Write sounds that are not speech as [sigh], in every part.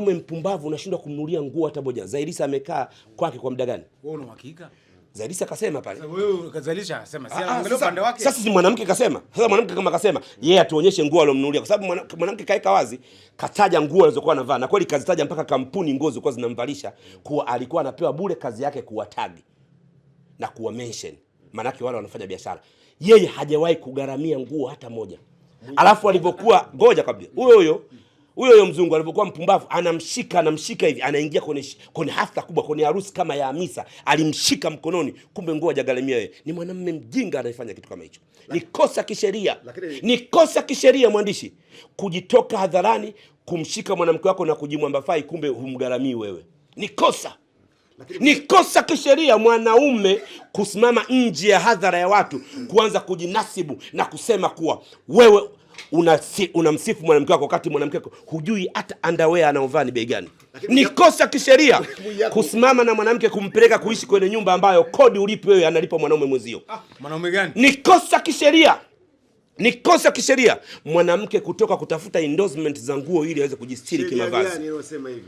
mwanaume mpumbavu unashindwa kumnulia nguo hata moja. Zairisa amekaa kwake kwa muda gani? Wewe una uhakika? Zailisa akasema pale. Ah, ah, sasa si mwanamke kasema. Sasa mwanamke kama kasema, yeye atuonyeshe nguo alomnunulia kwa sababu mwanamke kaeka wazi, kataja nguo alizokuwa anavaa na kweli kazitaja mpaka kampuni nguo zilikuwa zinamvalisha kuwa alikuwa anapewa bure, kazi yake kuwatagi na kuwa mention. Maanake wale wanafanya biashara. Yeye hajawahi kugaramia nguo hata moja. Alafu alivyokuwa ngoja kabla. Huyo huyo huyo huyo mzungu alivyokuwa mpumbavu, anamshika anamshika hivi, anaingia kwenye kwenye hafla kubwa, kwenye harusi kama ya Hamisa, alimshika mkononi, kumbe nguo hajagaramia. yeye ni mwanamume mjinga anayefanya kitu kama hicho, ni kosa kisheria, ni kosa kisheria. Mwandishi kujitoka hadharani kumshika mwanamke wako na kujimwambafai, kumbe humgaramii wewe, ni kosa ni kosa kisheria mwanaume kusimama nje ya hadhara ya watu kuanza kujinasibu na kusema kuwa wewe unamsifu una mwanamke wako wakati mwanamke wako hujui hata andawea anaovaa ni bei gani. Ni kosa kisheria [laughs] kusimama na mwanamke kumpeleka kuishi kwenye nyumba ambayo kodi ulipi wewe analipa mwanaume mwenzio. Ah, mwanaume gani? Ni kosa kisheria, ni kosa kisheria mwanamke kutoka kutafuta endorsement za nguo ili aweze kujistiri kimavazi.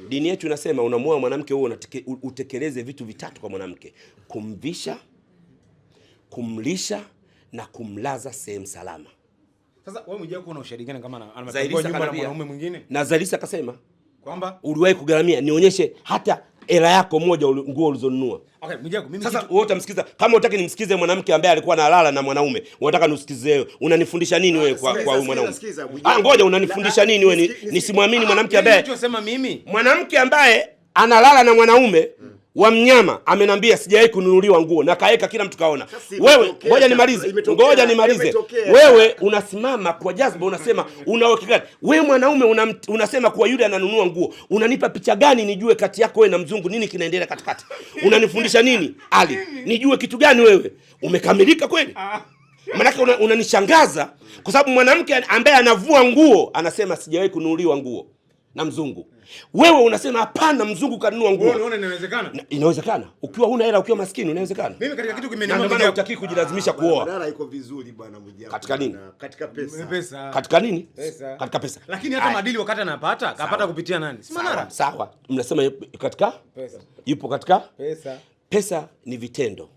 Dini yetu inasema unamwoa mwanamke wewe utekeleze vitu vitatu kwa mwanamke: kumvisha, kumlisha na kumlaza sehemu salama. Sasa wewe mjia kuona ushahidi gani kama anamepelekwa nyumba na mwanaume mwingine? Na Zalisa akasema kwamba uliwahi kugaramia nionyeshe hata hela yako moja nguo ulizonunua. Okay, Mwijaku mimi sasa wewe utamsikiza kama unataka nimsikize mwanamke ambaye alikuwa analala na mwanaume, unataka nisikize wewe. Unanifundisha nini wewe kwa kwa huyu mwanaume? Ah, ngoja unanifundisha nini wewe? Nisimwamini mwanamke yaani ambaye mwanamke ambaye analala na mwanaume hmm wa mnyama amenambia sijawahi kununuliwa nguo na kaeka kila mtu kaona. Wewe ngoja nimalize, ngoja nimalize. Wewe unasimama kwa jazba, unasema unaweka gani wewe mwanaume unasema kuwa yule ananunua nguo. Unanipa picha gani nijue kati yako wewe na mzungu nini kinaendelea katikati? Unanifundisha nini Ali? Nijue kitu gani wewe? Umekamilika kweli? Ah. Maanake unanishangaza una kwa sababu mwanamke ambaye anavua nguo anasema sijawahi kununuliwa nguo na mzungu hmm. Wewe unasema hapana, mzungu kanunua nguo. Unaona inawezekana? Inawezekana ukiwa huna hela, ukiwa maskini, inawezekana. Mimi katika kitu kimenimama bana, hutaki kujilazimisha ah, kuoa. Badala iko vizuri bwana Mwijaku. Katika nini? Katika pesa. Pesa. Katika nini? Pesa. Katika pesa. Lakini hata madili wakati anapata, kapata kupitia nani? Si Manara. Sawa. Mnasema katika pesa. Yupo katika pesa. Pesa ni vitendo.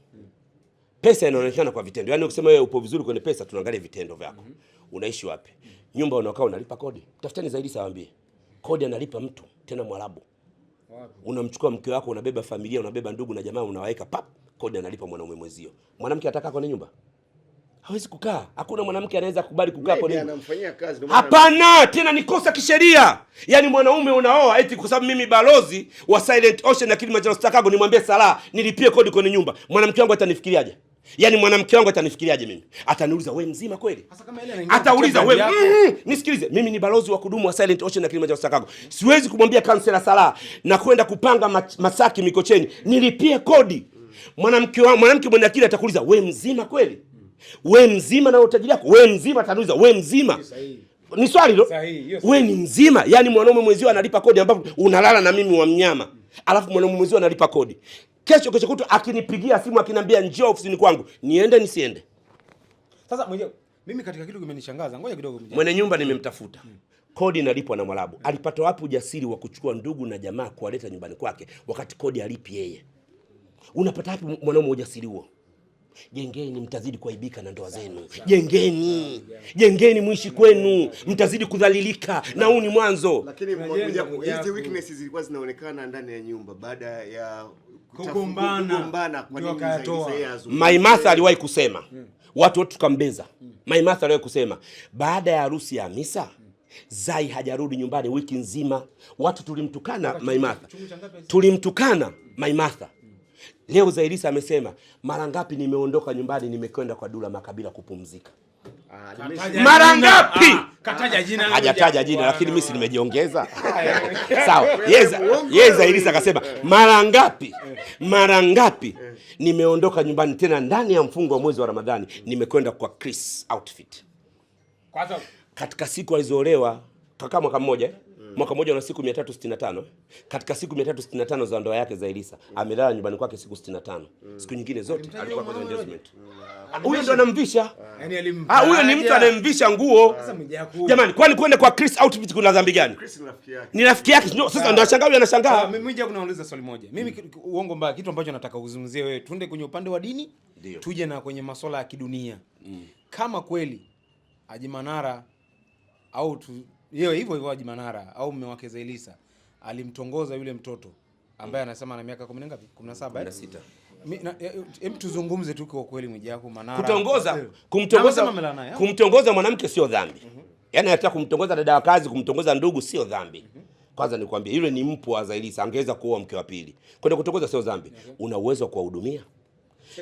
Pesa inaonekana kwa vitendo. Yaani ukisema wewe upo vizuri kwenye pesa, tunaangalia vitendo vyako. Mm -hmm. Unaishi wapi? Mm -hmm. Nyumba unakaa unalipa kodi. Tafuteni zaidi sawaambie kodi analipa mtu tena Mwarabu. Unamchukua mke wako, unabeba familia, unabeba ndugu na jamaa, unawaweka pap, kodi analipa mwanaume mwenzio. Mwanamke atakaa kwenye nyumba hawezi kukaa. Hakuna mwanamke anaweza kukubali kukaa kwenye anamfanyia kazi. Hapana, tena ni kosa kisheria. yani mwanaume unaoa eti kwa sababu mimi balozi wa Silent Ocean na Kilimanjaro Star nimwambie Salah nilipie kodi kwenye nyumba, mwanamke wangu atanifikiriaje? Yaani mwanamke wangu atanifikiriaje mimi? Ataniuliza wewe mzima kweli? Atauliza wewe mm, nisikilize, mimi ni balozi wa kudumu wa Silent Ocean na Kilimanjaro Sakago. Siwezi kumwambia kansela Sala na kwenda kupanga Masaki Mikocheni, nilipie kodi. Mwanamke wangu, mwanamke mwenye akili atakuuliza wewe mzima kweli? Wewe mzima na utajiri wako? Wewe mzima ataniuliza wewe mzima? Ni swali lo? Wewe ni mzima? Yaani mwanaume mwenzio analipa kodi ambapo unalala na mimi wa mnyama. Alafu mwanaume mwenzio analipa kodi kesho kesho kutu akinipigia simu akiniambia njoo ofisini kwangu, niende nisiende? Sasa mwenye mimi katika kitu kimenishangaza, ngoja kidogo. Mwenye nyumba nimemtafuta, hmm. Kodi inalipwa na Mwarabu. Alipata wapi ujasiri wa kuchukua ndugu na jamaa kuwaleta nyumbani kwake wakati kodi alipi yeye? Unapata wapi mwanaume ujasiri huo? Jengeni, mtazidi kuaibika na ndoa zenu. Jengeni, jengeni, mwishi kwenu, mtazidi kudhalilika, na huu ni mwanzo. Lakini hizi weaknesses zilikuwa zinaonekana ndani ya nyumba baada ya maimatha aliwahi kusema hmm. watu wote tukambeza hmm. Maimartha aliwahi kusema baada ya harusi ya Hamisa hmm. Zai hajarudi nyumbani wiki nzima, watu tulimtukana Maimartha, tulimtukana Maimartha. Leo zairisa amesema mara ngapi nimeondoka nyumbani, nimekwenda kwa Dula Makabila kupumzika. Ah, mara ah, ngapi? jina, hajataja jina, lakini mimi si nimejiongeza [laughs] sawa. yeza ilisa akasema mara ngapi, mara ngapi nimeondoka nyumbani, tena ndani ya mfungo wa mwezi wa Ramadhani nimekwenda kwa Chris outfit katika siku alizoolewa, kakaa mwaka mmoja Mm. mwaka mmoja na siku 365. Eh? Katika siku 365 za ndoa yake Zailisa mm. amelala nyumbani kwake siku 65, mm. siku nyingine zote alikuwa kwa engagement. Huyo ndo anamvisha, yaani ah, huyo ni mtu anayemvisha nguo. Jamani, kwani kwenda kwa Chris outfit kuna dhambi gani? Ni rafiki yake. Sasa ah. ndo anashangaa anashangaa. Mimi nje kunauliza swali moja, mimi uongo mbaya, kitu ambacho nataka kuzungumzia wewe, tuende kwenye upande wa dini, tuje na kwenye masuala ya kidunia. Kama kweli Haji Manara au hiyo hivyo hivyo Haji Manara au mume wake Zailisa alimtongoza yule mtoto ambaye anasema ana miaka 10 ngapi? 17 16. Hem, tuzungumze tu kwa kweli Mwijaku Manara. Kutongoza, eh. kumtongoza, kumtongoza mwanamke sio dhambi. Mm -hmm. Yaani hata kumtongoza dada wa kazi, kumtongoza ndugu sio dhambi. Mm -hmm. Kwanza nikwambie yule ni mpwa wa Zailisa, angeweza kuoa mke wa pili. Kwenda kutongoza sio dhambi. Mm -hmm. Una uwezo wa kuwahudumia?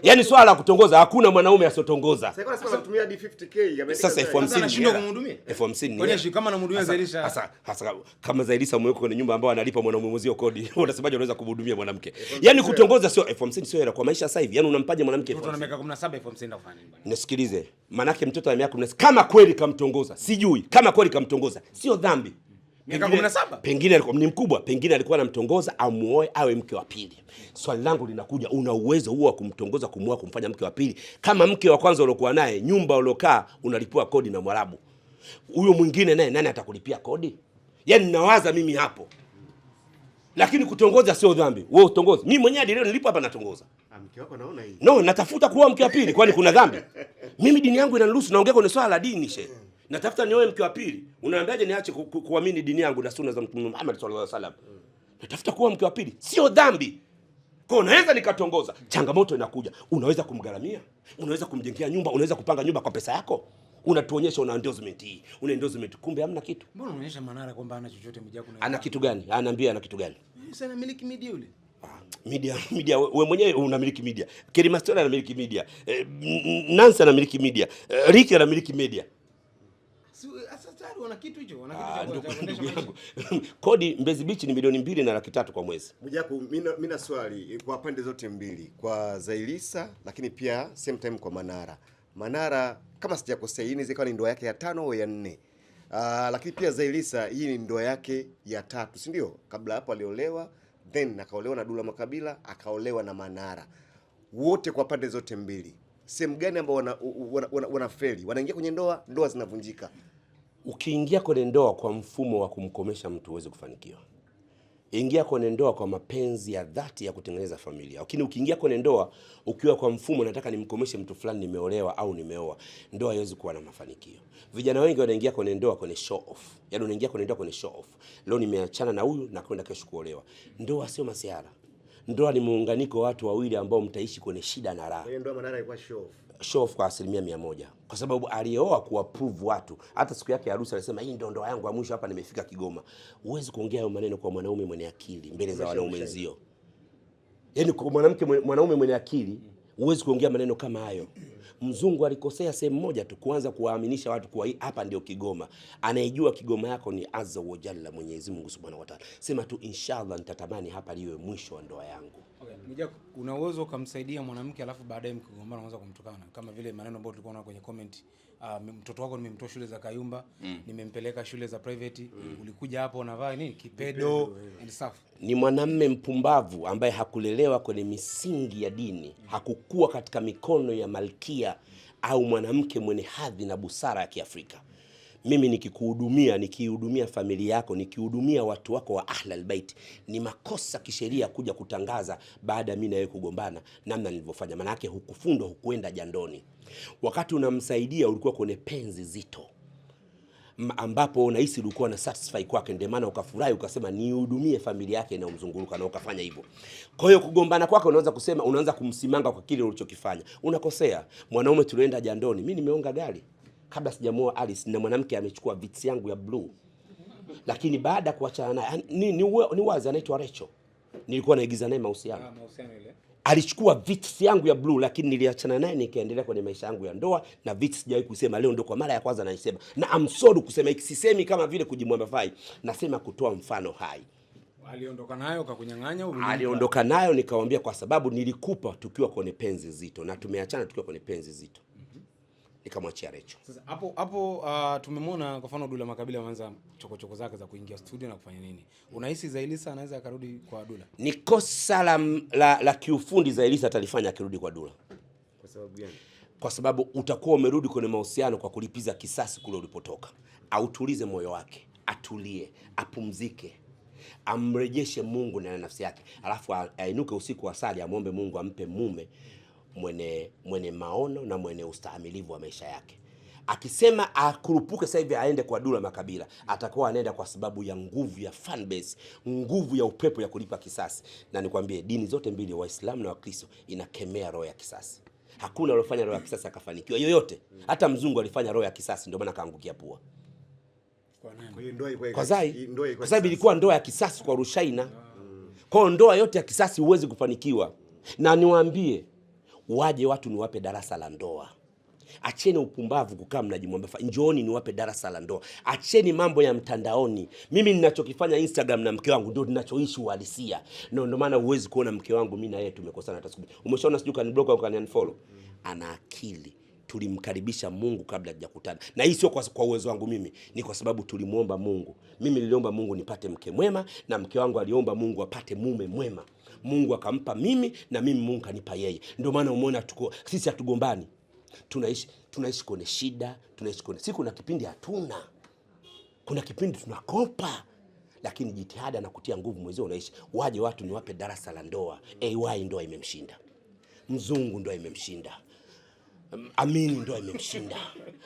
Yaani swala la kutongoza hakuna mwanaume asiotongoza. Sasa elfu hamsini kama Zaiylissa kwenye nyumba ambayo analipa mwanaume mwenzio kodi, [laughs] unasemaje unaweza kumhudumia mwanamke? Yaani kutongoza sio elfu hamsini sio hela kwa maisha sasa hivi. Yaani unampaje mwanamke? Nisikilize, manake mtoto ana miaka kama kweli kamtongoza, sijui kama kweli kamtongoza, sio dhambi pengine alikuwa ni mkubwa, pengine alikuwa anamtongoza amuoe awe mke wa pili. Swali langu linakuja, una uwezo huo wa kumtongoza, kumuoa, kumfanya mke wa pili? Kama mke wa kwanza uliokuwa naye, nyumba uliokaa unalipua kodi na Mwarabu, huyo mwingine naye nani atakulipia kodi? Yaani nawaza mimi hapo, lakini kutongoza sio dhambi. Wewe utongoze, mimi mwenyewe hadi leo nilipo hapa natongoza ah, mke wako naona hii. No, natafuta kuoa mke wa pili, kwani kuna dhambi? Mimi dini yangu inaniruhusu, naongea kwenye swala la dini shehe natafuta nioe mke wa pili, unaambiaje niache kuamini dini yangu na sunna za Mtume Muhammad sallallahu alaihi wasallam? Natafuta kuwa mke wa pili, sio dhambi. Kwa naweza nikatongoza. Changamoto inakuja, unaweza kumgaramia, unaweza kumjengea nyumba, unaweza kupanga nyumba kwa pesa yako. Unatuonyesha una endorsement hii, una endorsement, kumbe hamna kitu. Mbona unaonyesha Manara kwamba ana chochote mja kuna Ana kitu gani? Anaambia ana kitu gani? Eh, sasa na miliki media yule ah, media media, wewe mwenyewe unamiliki media. Kerimastona anamiliki media. Eh, nansa anamiliki media. Eh, riki anamiliki media madaktari wana kitu hicho, wana ah, kitu cha ndugu [laughs] Kodi Mbezi Beach ni milioni mbili na laki tatu kwa mwezi. Mjapo mimi na swali kwa pande zote mbili, kwa Zailisa lakini pia same time kwa Manara. Manara kama sijakosea, hii inaweza ikawa ni ndoa yake ya tano au ya nne. uh, lakini pia Zailisa hii ni ndoa yake ya tatu, si ndio? Kabla hapo aliolewa, then akaolewa na Dula Makabila, akaolewa na Manara. Wote kwa pande zote mbili sehemu gani ambao wanafeli wana, wana, wana wanaingia kwenye ndoa, ndoa zinavunjika. Ukiingia kwenye ndoa kwa mfumo wa kumkomesha mtu uweze kufanikiwa. Ingia kwenye ndoa kwa mapenzi ya dhati ya kutengeneza familia. Lakini ukiingia kwenye ndoa ukiwa kwa mfumo nataka nimkomeshe mtu fulani, nimeolewa au nimeoa, ndoa haiwezi kuwa na mafanikio. Vijana wengi wanaingia kwenye ndoa kwenye show off. Yaani unaingia kwenye ndoa kwenye show off. Leo nimeachana na huyu na kwenda kesho kuolewa. Ndoa sio masiara. Ndoa ni muunganiko wa watu wawili ambao mtaishi kwenye shida na raha. Ndoa Manara ilikuwa show off. Show kwa asilimia mia moja kwa sababu aliyeoa kuwaprove watu. Hata siku yake ya harusi alisema hii ndio ndoa yangu ya mwisho, hapa nimefika Kigoma. Huwezi kuongea hayo maneno kwa mwanaume mwenye akili mbele za wanaume wenzio. Yaani kwa mwanamke mwanaume mwenye akili huwezi kuongea maneno kama hayo mzungu alikosea sehemu moja tu, kuanza kuwaaminisha watu kuwa hapa ndio Kigoma. Anayejua Kigoma yako ni azza wa jalla, Mwenyezi Mungu subhanahu wa taala. Sema tu inshallah, nitatamani hapa liwe mwisho wa ndoa yangu. Okay. Una uwezo ukamsaidia mwanamke alafu baadaye mkigombana unaweza kumtukana kama vile maneno ambayo tulikuwa nayo kwenye comment. Uh, mtoto wako nimemtoa shule za Kayumba, mm. nimempeleka shule za private, mm. ulikuja hapo unavaa nini? Kipedo, Kipedo and stuff. Ni mwanamme mpumbavu ambaye hakulelewa kwenye misingi ya dini, mm. hakukuwa katika mikono ya malkia au mwanamke mwenye hadhi na busara ya Kiafrika mimi nikikuhudumia, nikihudumia familia yako, nikihudumia watu wako wa Ahlal Bait, ni makosa kisheria kuja kutangaza baada ya mimi na wewe kugombana namna nilivyofanya. Maana yake hukufundwa, hukuenda jandoni. Wakati unamsaidia ulikuwa kwenye penzi zito ambapo unahisi ulikuwa na satisfy kwake, ndio maana ukafurahi ukasema nihudumie familia yake inayomzunguruka na ukafanya hivyo. Kwa hiyo kugombana kwake, unaanza kusema, unaanza kumsimanga kwa kile ulichokifanya. Unakosea. Mwanaume, tulienda jandoni, mimi nimeonga gari kabla sijamuoa Alice na mwanamke amechukua vits yangu ya blue, lakini baada ya kuachana naye ni, ni, ni wazi anaitwa Recho. nilikuwa naigiza naye mahusiano Ah, mahusiano ile. alichukua vits yangu ya blue, lakini niliachana naye nikaendelea kwenye maisha yangu ya ndoa na vits sijawahi kusema. Leo ndio kwa mara ya kwanza naisema, na I'm sorry kusema hiki, sisemi kama vile kujimwambafai, nasema kutoa mfano hai. Aliondoka nayo kakunyang'anya, aliondoka nayo, nikamwambia kwa sababu nilikupa tukiwa kwenye penzi zito na tumeachana tukiwa kwenye penzi zito nikamwachia Recho. Sasa hapo hapo uh, tumemwona kwa mfano Dula Makabila mwanza chokochoko zake za kuingia studio na kufanya nini, unahisi Zailisa anaweza akarudi kwa Dula? Ni kosa la, la, la kiufundi Zailisa atalifanya akirudi kwa Dula. Kwa sababu gani? Kwa sababu utakuwa umerudi kwenye mahusiano kwa kulipiza kisasi kule ulipotoka. Autulize moyo wake, atulie, apumzike amrejeshe Mungu na nafsi yake, alafu ainuke usiku asali, amwombe Mungu ampe mume mwenye, mwenye maono na mwenye ustahimilivu wa maisha yake. Akisema akurupuke sasa hivi aende kwa dula Makabila, atakuwa anaenda kwa sababu ya nguvu ya fan base, nguvu ya upepo ya kulipa kisasi. Na nikwambie dini zote mbili, Waislamu na Wakristo, inakemea roho ya kisasi. Hakuna aliyofanya roho ya kisasi akafanikiwa yoyote. Hata mzungu alifanya roho ya kisasi, ndio maana akaangukia pua kwa Zai, kwa sababu ilikuwa ndoa ya kisasi kwa Rushaina. Kwa ndoa yote ya kisasi huwezi kufanikiwa, na niwaambie waje watu niwape darasa la ndoa. Acheni upumbavu kukaa mnajimwambia, njooni niwape darasa la ndoa. Acheni mambo ya mtandaoni. Mimi ninachokifanya Instagram na mke wangu ndio ninachoishi uhalisia. No, ndio maana huwezi kuona mke wangu mimi na yeye tumekosana hata siku. Umeshaona sijui kaniblock au kaniunfollow. Ana akili tulimkaribisha Mungu kabla hajakutana. na hii sio kwa, kwa uwezo wangu mimi, ni kwa sababu tulimwomba Mungu. Mimi niliomba Mungu nipate mke mwema, na mke wangu aliomba Mungu apate mume mwema. Mungu akampa mimi, na mimi Mungu kanipa yeye. Ndio maana umeona tuko sisi, hatugombani, tunaishi tunaishi kwenye shida, tunaishi kwenye siku na kipindi hatuna, kuna kipindi tunakopa lakini jitihada na kutia nguvu mwezio unaishi. Waje watu niwape darasa la ndoa, AY ndoa imemshinda mzungu, ndoa imemshinda Amini ndoa imemshinda,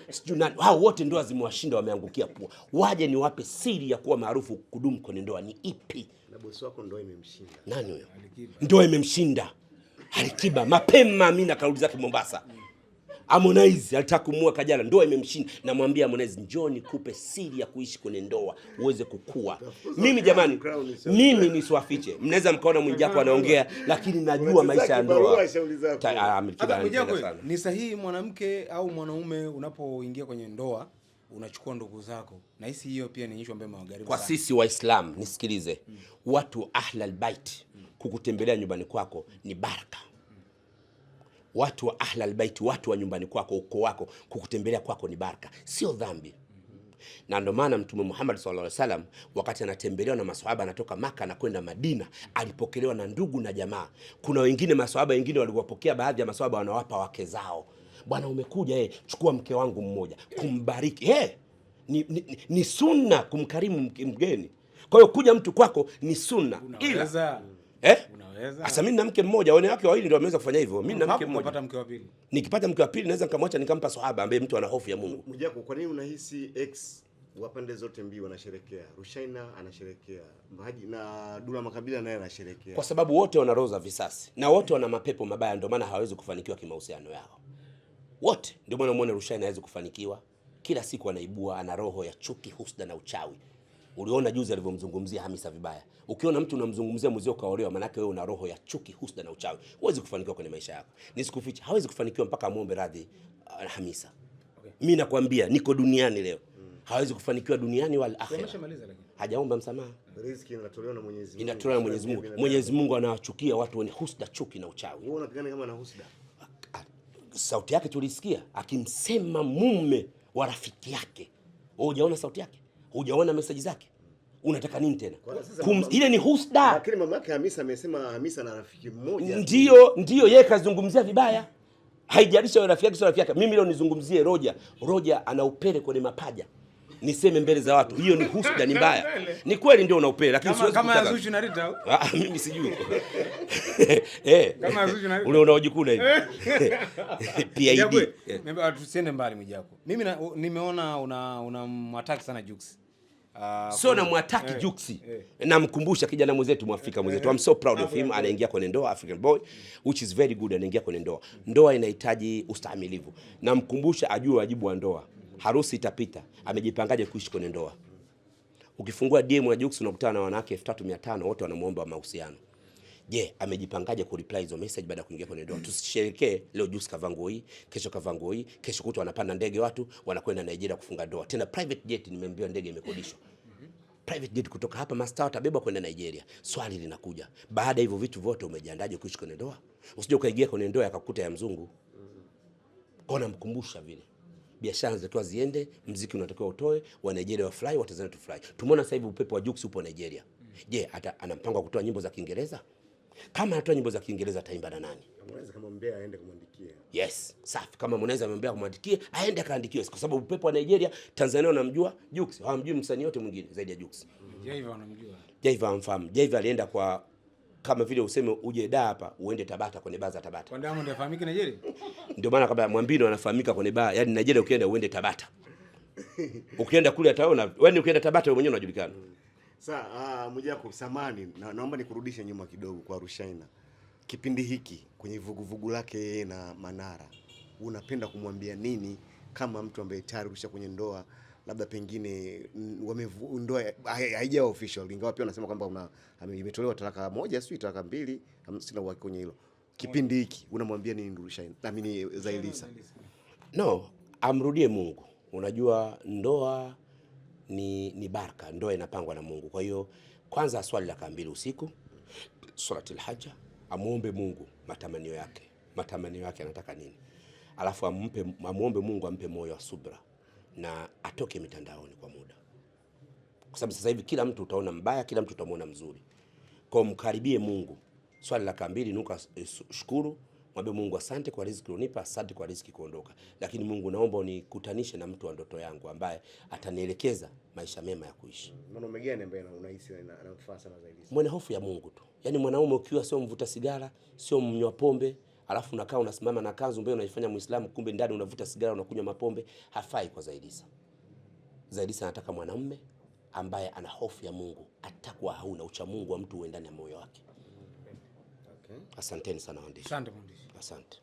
sijui Hao wote ndoa zimewashinda, wameangukia pua. Waje niwape siri ya kuwa maarufu kudumu kwenye ndoa ni ipi? Na bosi wako ndoa imemshinda. Nani huyo? Ndoa imemshinda Alikiba. Mapema Amina karudi zake Mombasa. Harmonize alitaka kumua Kajala, ndoa imemshinda. Namwambia Harmonize, njoo nikupe siri ya kuishi kwenye ndoa uweze kukua. Mimi jamani, mimi nisiwafiche, mnaweza mkaona Mwijaku anaongea, lakini najua maisha ya ndoa ah, ni sahihi. Mwanamke au mwanaume unapoingia kwenye ndoa unachukua ndugu zako, na hisi hiyo pia ni issue ambayo magharibi kwa sana. Sisi Waislamu nisikilize, hmm. watu ahlal bait hmm. kukutembelea nyumbani kwako ni baraka watu wa ahlalbaiti watu wa nyumbani kwako, uko wako, kukutembelea kwako ni baraka, sio dhambi. Na ndio maana Mtume Muhammad sallallahu wakati anatembelewa na maswahaba, anatoka Maka anakwenda Madina, alipokelewa na ndugu na jamaa. Kuna wengine maswahaba wengine waliwapokea, baadhi ya masoaba wanawapa wake zao, bwana, umekuja eh, chukua mke wangu mmoja, kumbariki hey, eh, ni, ni, ni sunna kumkarimu mgeni. Kwa hiyo kuja mtu kwako ni sunna ila Eh? Unaweza. Sasa mimi na mke mmoja, wale wake wawili ndio wameweza kufanya hivyo. Mimi na mke mmoja. Nikipata mke wa pili. Nikipata mke wa pili naweza nikamwacha nikampa sahaba ambaye mtu ana hofu ya Mungu. Mjako, kwa nini unahisi ex wa pande zote mbili wanasherekea? Rushaina anasherekea. Haji na Dula Makabila naye anasherekea. Kwa sababu wote wana roho za visasi na wote wana mapepo mabaya ndio maana hawawezi kufanikiwa kimahusiano yao. Wote ndio maana muone Rushaina hawezi kufanikiwa. Kila siku anaibua ana roho ya chuki, husda na uchawi. Uliona juzi alivyomzungumzia Hamisa vibaya. Ukiona mtu unamzungumzia mzee kaolewa, maana yake wewe una roho ya chuki, husda na uchawi. Huwezi kufanikiwa kwenye maisha yako. Nisikuficha, hawezi kufanikiwa mpaka amuombe radhi uh, Hamisa. Okay. Mimi nakwambia niko duniani leo. Mm. Hawezi kufanikiwa duniani wala akhera. Hajaomba msamaha. Riziki inatolewa na Mwenyezi Mungu. Inatolewa na Mwenyezi Mungu. Mwenyezi Mungu anawachukia watu wenye husda, chuki na uchawi. Wewe unapigana kama na husda. Ah, sauti yake tulisikia akimsema mume wa rafiki yake. Wewe hujaona sauti yake? hujaona message zake unataka nini tena? ile ni husda. Lakini mama yake Hamisa amesema Hamisa na rafiki mmoja. Ndio, ndio yeye kazungumzia vibaya. Haijalisha wewe rafiki yake sio rafiki yake. Mimi leo nizungumzie Roja. Roja ana upele kwenye mapaja. Niseme mbele za watu. Hiyo ni husda ni mbaya. Ni kweli ndio una upele lakini siwezi kama Azuchu na Rita. Ah, ah, mimi sijui. [laughs] [laughs] Eh. Kama eh, Azuchu na Rita. Ule unaojikuna hivi. [laughs] PID. Mimi eh. tusiende mbali Mwijaku. Mimi nimeona una unamwataki sana Juksi Uh, so namwataki eh, Juksi eh. Namkumbusha kijana mwenzetu Mwafrika eh, mwenzetu eh, I'm so proud eh. of him, anaingia kwenye ndoa African boy which is very good, anaingia kwenye ndoa. Ndoa inahitaji ustahimilivu, namkumbusha ajue wajibu wa ndoa. Harusi itapita, amejipangaje kuishi kwenye ndoa. Ukifungua DM ya Juksi unakutana na wanawake 3500 wote wanamuomba mahusiano. Je, amejipangaje ku reply hizo message baada ya kuingia kwenye ndoa? Tusisherekee leo juice kavaa nguo hii, kesho kavaa nguo hii, kesho kutwa wanapanda ndege watu wanakwenda Nigeria kufunga ndoa. Tena private jet nimeambiwa ndege imekodishwa. Private jet kutoka hapa mastaa atabeba kwenda Nigeria. Swali linakuja. Baada ya hivyo vitu vyote umejiandaje kuishi kwenye ndoa? Usije ukaingia kwenye ndoa yakakuta ya mzungu. Ona mkumbusha vile. Biashara zinatakiwa ziende, mziki unatakiwa utoe, wa Nigeria wa fly, wa Tanzania to fly. Tumeona sasa hivi upepo wa Jux upo Nigeria. Je, yeah, ana mpango wa kutoa nyimbo za Kiingereza? Kama anatoa nyimbo za Kiingereza ataimba na nani? Mnaweza kumwambia aende kumwandikia. Yes, safi. Kama Mwanaweza amemwambia kumwandikia, aende akaandikiwe kwa sababu upepo wa Nigeria, Tanzania wanamjua Jux, hawamjui msanii yote mwingine zaidi ya Jux. Jaiva wanamjua. Jaiva amfahamu. Jaiva alienda kwa kama vile useme uje da hapa uende Tabata kwenye baa za Tabata. Kwa Diamond afahamike Nigeria? [laughs] Ndio maana kabla Mwambino anafahamika kwenye baa, yani Nigeria ukienda uende Tabata. Ukienda kule ataona, yaani ukienda Tabata wewe mwenyewe unajulikana. Sasa uh, ah, Mwijaku samani na, naomba nikurudishe nyuma kidogo kwa Rushaina. Kipindi hiki kwenye vuguvugu lake yeye na Manara, unapenda kumwambia nini kama mtu ambaye tayari rusha kwenye ndoa, labda pengine wamevu, ndoa haija official, ingawa pia unasema kwamba imetolewa talaka moja, sio talaka mbili, sina uhakika kwenye hilo. Kipindi hiki unamwambia nini Rushaina? Naamini eh, Zailisa. No, amrudie Mungu. Unajua ndoa ni, ni baraka, ndoa inapangwa na Mungu. Kwa hiyo kwanza swali la kambili usiku suratul haja, amuombe Mungu matamanio yake, matamanio yake anataka nini, alafu ampe, amuombe Mungu ampe moyo wa subra na atoke mitandaoni kwa muda, kwa sababu sasa hivi kila mtu utaona mbaya, kila mtu utamwona mzuri. Kwa mkaribie Mungu. Swali la kambili, nuka eh, shukuru Mwambie Mungu asante kwa riziki ulionipa, asante kwa riziki kuondoka. Lakini Mungu naomba unikutanishe na mtu wa ndoto yangu ambaye atanielekeza maisha mema ya kuishi. Mwanaume gani ambaye unahisi anamfaa sana zaidi? Mwenye hofu ya Mungu tu. Yaani mwanaume ukiwa sio mvuta sigara, sio mnywa pombe, alafu unakaa unasimama na kanzu mbele unaifanya Muislamu, kumbe ndani unavuta sigara unakunywa mapombe, hafai kwa Zaiylissa. Zaiylissa anataka mwanaume ambaye ana hofu ya Mungu, atakuwa hauna ucha Mungu wa mtu uendani ya moyo wake. Okay. Asanteni sana waandishi. Asante mwandishi. Asante.